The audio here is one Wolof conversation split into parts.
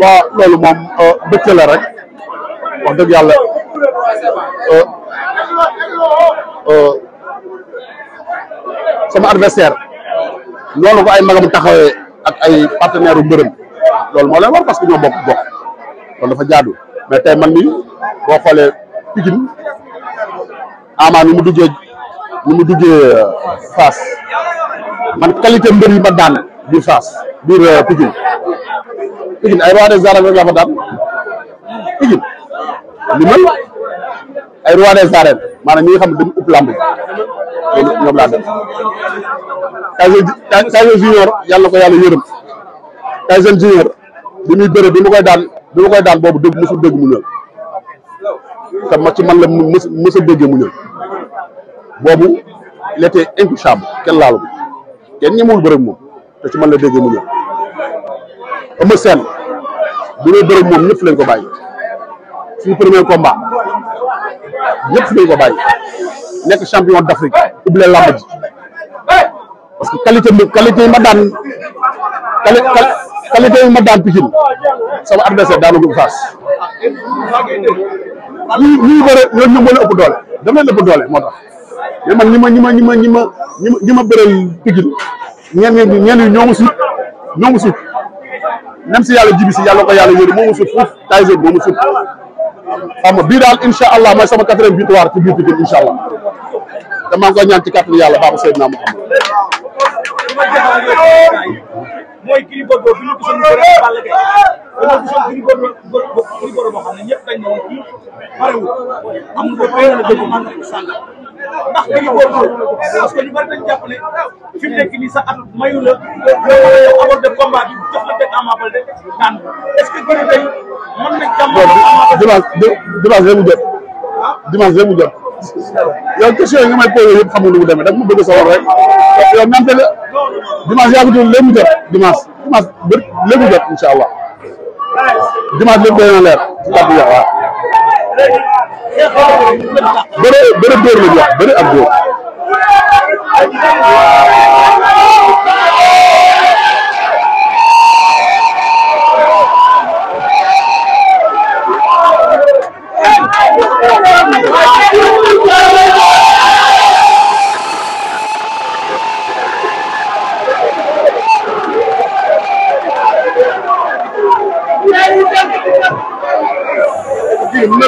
waaw loolu moom euh, bëcc rek wax dëgg yàlla euh, euh, sama adversaire loolu ko ay magam taxawee ak ay partenaire u mbërëm loolu moo leen war parce que ñoo bokk bokk loolu dafa jaadu mais tey man mii boo xoolee Pikine Ama ni mu duggee ni mu duggee Fass man qualité mbër yi ma daan biir Fass biir Pikine Pikine ay roi des arènes rek la fa daan Pikine li ay roi des arènes maanaam ñi nga xam ne dañu upp lamb ñoom laa def Tyson Tyson junior yàlla ko yàlla yërëm Tyson junior bi muy bëre bi ma koy daan bi ma koy daan boobu dégg mësul dégg mu ñëw te ma ci man la mës mës a déggee mu ñëw boobu il était intouchable kenn laalu kenn ñemewul bëre moom te ci man la déggee mu ñëw Eumeu Sène bu moom ñëpp lañ ko bàyyi suñu premier combat ñëpp lañ ko bàyyi nekk champion d'Afrique ubbi la làmb ji parce que qualité qualité yi ma daan quali qualité yi ma daan Pikine sama adversaire ñi ñi bëre ñoom ñoom doole dama leen doole moo tax mais man ñi ma ñi ma ñi ma ñi ma ñi ma ñi même si yàlla jibi si yàlla ko yàlla yóru moo ma sut fuuf Tyson moo ma sut xam nga bii daal incha allah mooy sama quatrième victoire ci biir Pikine incha allah te maa ngi ñaan ci kàttanu yàlla baax na Seydina Mouhamed ndax mi ngi góorgóorlu parce que ñu bari dañu jàpp ne fi mu nekk nii sa at mayu la yow amoon de combat bi jox la teg Ama Baldé daan est-ce mu jot ah? dimanche rek mu jot yow question yi nga demee da ma bëgg a sawar rek yow nante la mu jot dimanche dimanche bët léegi mu jot incha allah dimanche bëre bëre dóor la ñu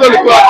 wax ak dóor.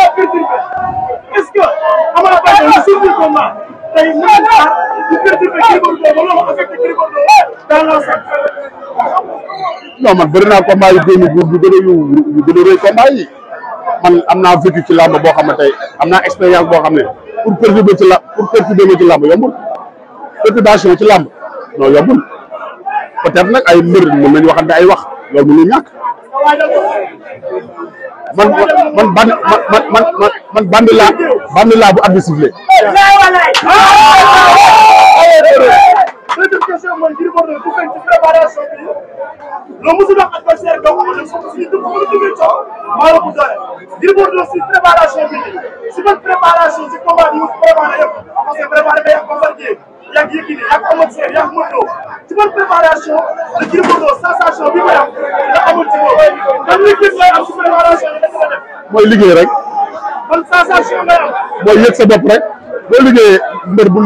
perturbé est-ce que Ama Baldé le jour du combat tey mën na xaar di perturbé Gris Bordeaux ba loolu affecté Gris Bordeaux dans l'ensemble. non man bëri naa combat yu génn yu gën a yu yu gën a rëy combat yi man am naa vécu ci làmb boo xam ne tey am naa expérience boo xam ne pour perturber ci la pour perturber ma ci làmb yombul perturbation ci làmb non yombul peut-être nag ay mbir mën nañu waxante ay wax loolu mënul ñàkk. man man man man man bandi la bandi laa bu at bi sifflé. loo mosul wax adversaire donc ma dem soxna suñu dëkk bu ñu demee coow maa la ko doole. Gris Bordeaux si préparation bi si ban si combat bi ñu préparé yëpp parce que préparé si ban préparation la Gris Bordeaux sensation bi nga am nga amul ci moom ban liggéey ngay am si préparation bi nga def. mooy liggéey rek. ban sensation sa bopp rek. boo liggéeyee mbër bu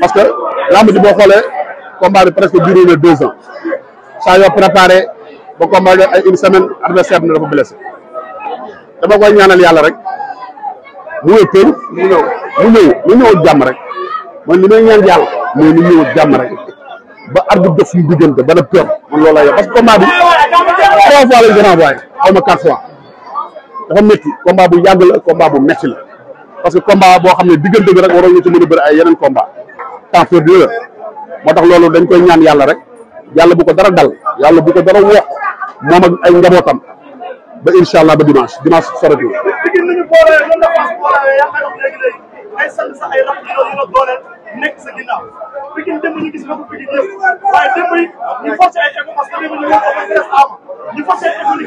parce que lamb di boo xoolee combat bi presque duré na deux ans saa yoo préparé ba combat bi ay une semaine adversaire bi dafa blessé dama koy ñaanal yàlla rek mu wéppee mu ñëw mu ñëw jàmm rek man li may ñaan yàlla mooy mu ñëw jàmm rek ba arbitre def suñu diggante ba def peur man loolu lay parce que combat bi trois fois lañ ko renvoyé aw ma quatre fois dafa métti combat bu yàgg la combat bu métti la parce que combat boo xam ne diggante bi rek waroon ñu ci mën a bëri ay yeneen combat taafeer la moo tax loolu dañ koy ñaan yàlla rek yàlla bu ko dara dal yàlla bu ko dara woox moom ay njabootam ba incha ba dimanche dimanche soretul. yi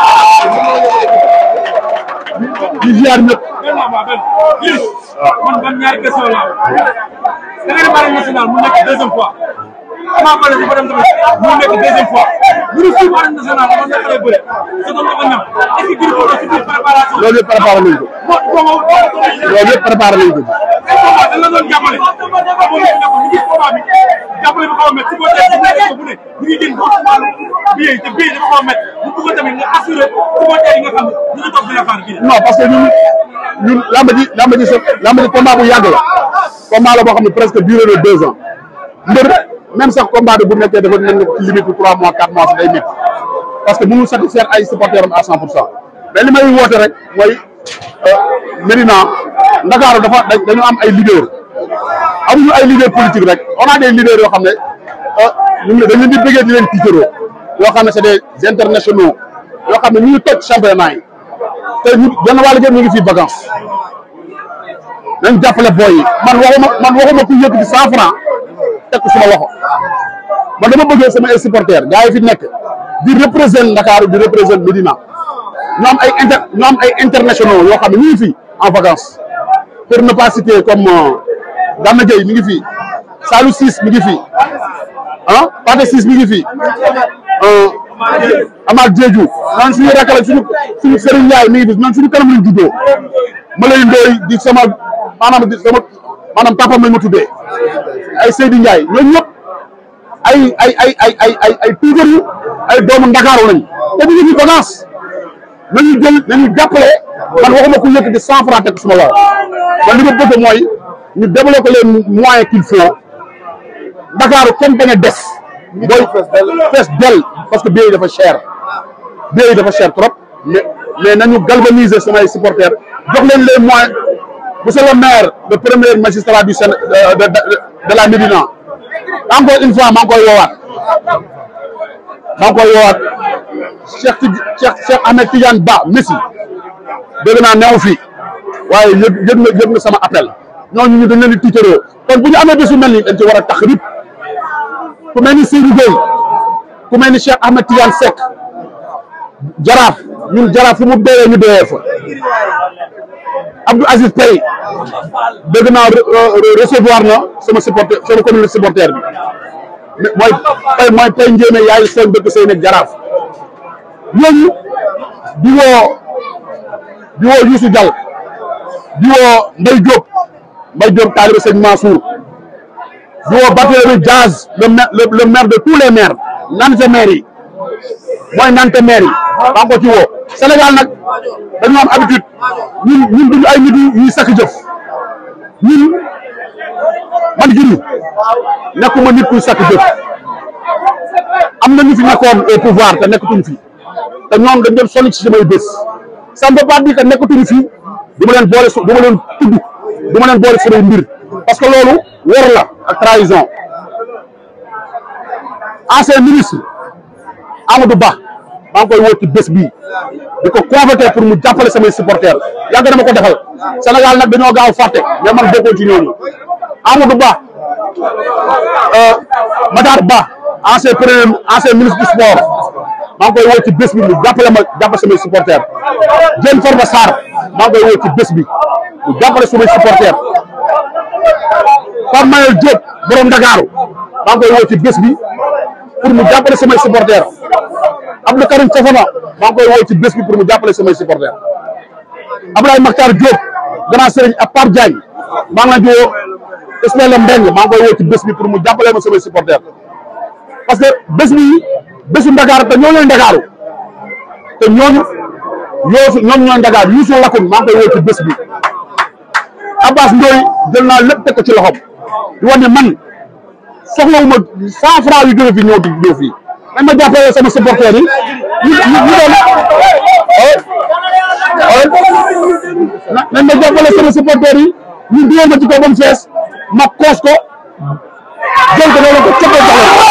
di ziar ñëpp. waaw man ban ñaari question laa da nga dem arène nationale mu nekk deuxième fois. Ama Baldé bu ko dem tamit mu nekk deuxième fois. bu dul suuf arène nationale dafa nekk lay bëre. sa doom dafa nam est-ce que Gris Bordeaux ci biir préparation. loolu yëpp préparé nañ ko. loolu yëpp préparé nañ ko. ay combat dañ la doon jàppale. amoon nañ ko ñu gis combat bi jàppale bi xaw a métti ko tey bu nekk bu nekk bii te bii a métti bu bëgg tamit nga assuré supporter yi nga ñu ngi la faar bii. non parce que ñun ñun làmb ji làmb combat bu yàgg la combat la boo xam ne presque duré na deux ans mbër même sax combat de bu nekkee dafa mel ne ci trois mois quatre mois si day métti parce que mënul satisfaire ay supporter am à cent pour cent mais ni may woote rek mooy euh, Médina Ndakaaru dafa dañu am ay leader amuñu ay leader politique rek on a des yoo xam ne euh, ñu ngi dañu leen di bëggee di yoo xam ne c'est des internationaux yoo xam ne ñu ngi toj championnat yi te ñu gën a wàll ñu ngi fi vacances nañ jàppale booy yi man waxuma man waxuma ku yëkkati cent franc teg ko ma loxo ma dama bëggee sama ay supporters gars fi nekk di représenter Dakar di représenter Médina ñu am ay inter ñu am yoo xam ne ñu ngi fi en vacances pour ne pas citer comme euh, Dama ngi fi Salou Ciss mi ngi fi ah Pathé Ciss mi ngi fi. Euh, Amath Diédhiou naan suñu rakk la suñu suñu Serigne Ndiaye suñu kanam lañ juddoo ma lay ndooy di sama maanaam di sama maanaam ma tuddee ay Seydou Ndiaye ñooñu ñëpp ay ay ay ay ay ay ay tuugar doomu Ndakaaru lañ te bu ñu fi vacance nañu jël nañu jàppale man waxuma ku yëkkati cent franc teg sama loxo man li ma bëgg mooy ñu développer les moyens qu'il faut Ndakaaru kenn bañ des mooy fees dell parce que billet yi dafa cher billet yi dafa cher trop mais mais nañu galvaniser samay supporters jox leen les moyens monsieur le maire le premier magistrat du Séné euh, de la Médina encore une fois ngi koy woowaat maa ngi koy woowaat Cheikh Cheikh Cheikh Ahmed Tidiane Ba Messi dégg naa neew fii waaye yëg yëg na yëg na sama appel ñooñu ñu dañ leen ni tiitaroo kon bu ñu amee bés yu mel nii dañ ci war a tax ku mel ni Seydou Gueye ku mel ni Cheikh Ahmed Tidiane Seck jaraaf ñun jaraaf fu mu deewee ñu deewee fa Aziz Pay dégg naa recevoir na sama supporter sama commune supporter bi mooy pay mooy pay njéeme yaay seen dëkk seen nekk jaraaf ñooñu di woo di woo Youssou woo Mbaye Diop Mbaye Diop taalibe sëñ Mansour di woo Barthélémy Dias le le maire de tous les maires nante maire yi mooy nante maire yi maa ngi ko ci woo Sénégal nag dañu habitude ñun ñun duñu ay nit ñuy sakk jëf ñun man giri nekkuma nit kuy sakk jëf am na ñu fi nekkoon au pouvoir te nekkatuñu fi te ñoom dañ doon sonn ci samay bés ça ne veut pas dire que nekkatuñu fi du ma leen boole su du ma leen tudd du ma parce que loolu wor la ak trahison ancien ministre Amadou Ba maa koy woo ci bés bii di ko convoqué pour mu jàppale samay supporters yàgg na ma ko defal Sénégal nag dañoo gaaw fàtte mais man bokkoo ci ñooñu Amadou Ba euh, Matar Ba ancien premier ancien ministre du sport maa koy woo ci bés bi mu jàppale ma jàppale samay supporters Diène Farba Sarr maa ngi koy woo ci bés bi mu jàppale samay supporters Pape Mayel Diop borom Ndakaaru maa ngi koy woo ci bés bi pour mu jàppale samay supporters Abdou Karim Fofana maa ngi koy woo ci bés bi pour mu jàppale samay supporters Abdoulaye Makhtar Diop grand sëriñ ak Pape Diagne maa nga leen di woo Ismaïla maa ngi koy bés bi pour mu jàppale ma samay supporters parce que bés bi bésu Ndakaaru te ñoo ñooy Ndakaaru te ñooñu yoo ñoom ñooy Ndakaaru Youssou Lakoum maa ngi koy bés bi Abbas Ndoye jël naa lépp teg ko ci loxoom. di wax ne man soxlawuma cent franc yu jóge fi ñëw di ñëw fii ma jàppale sama ma sama supporters yi ñu dugal ma ci ba mu fees ma koos ko jël ko loolu ko coppee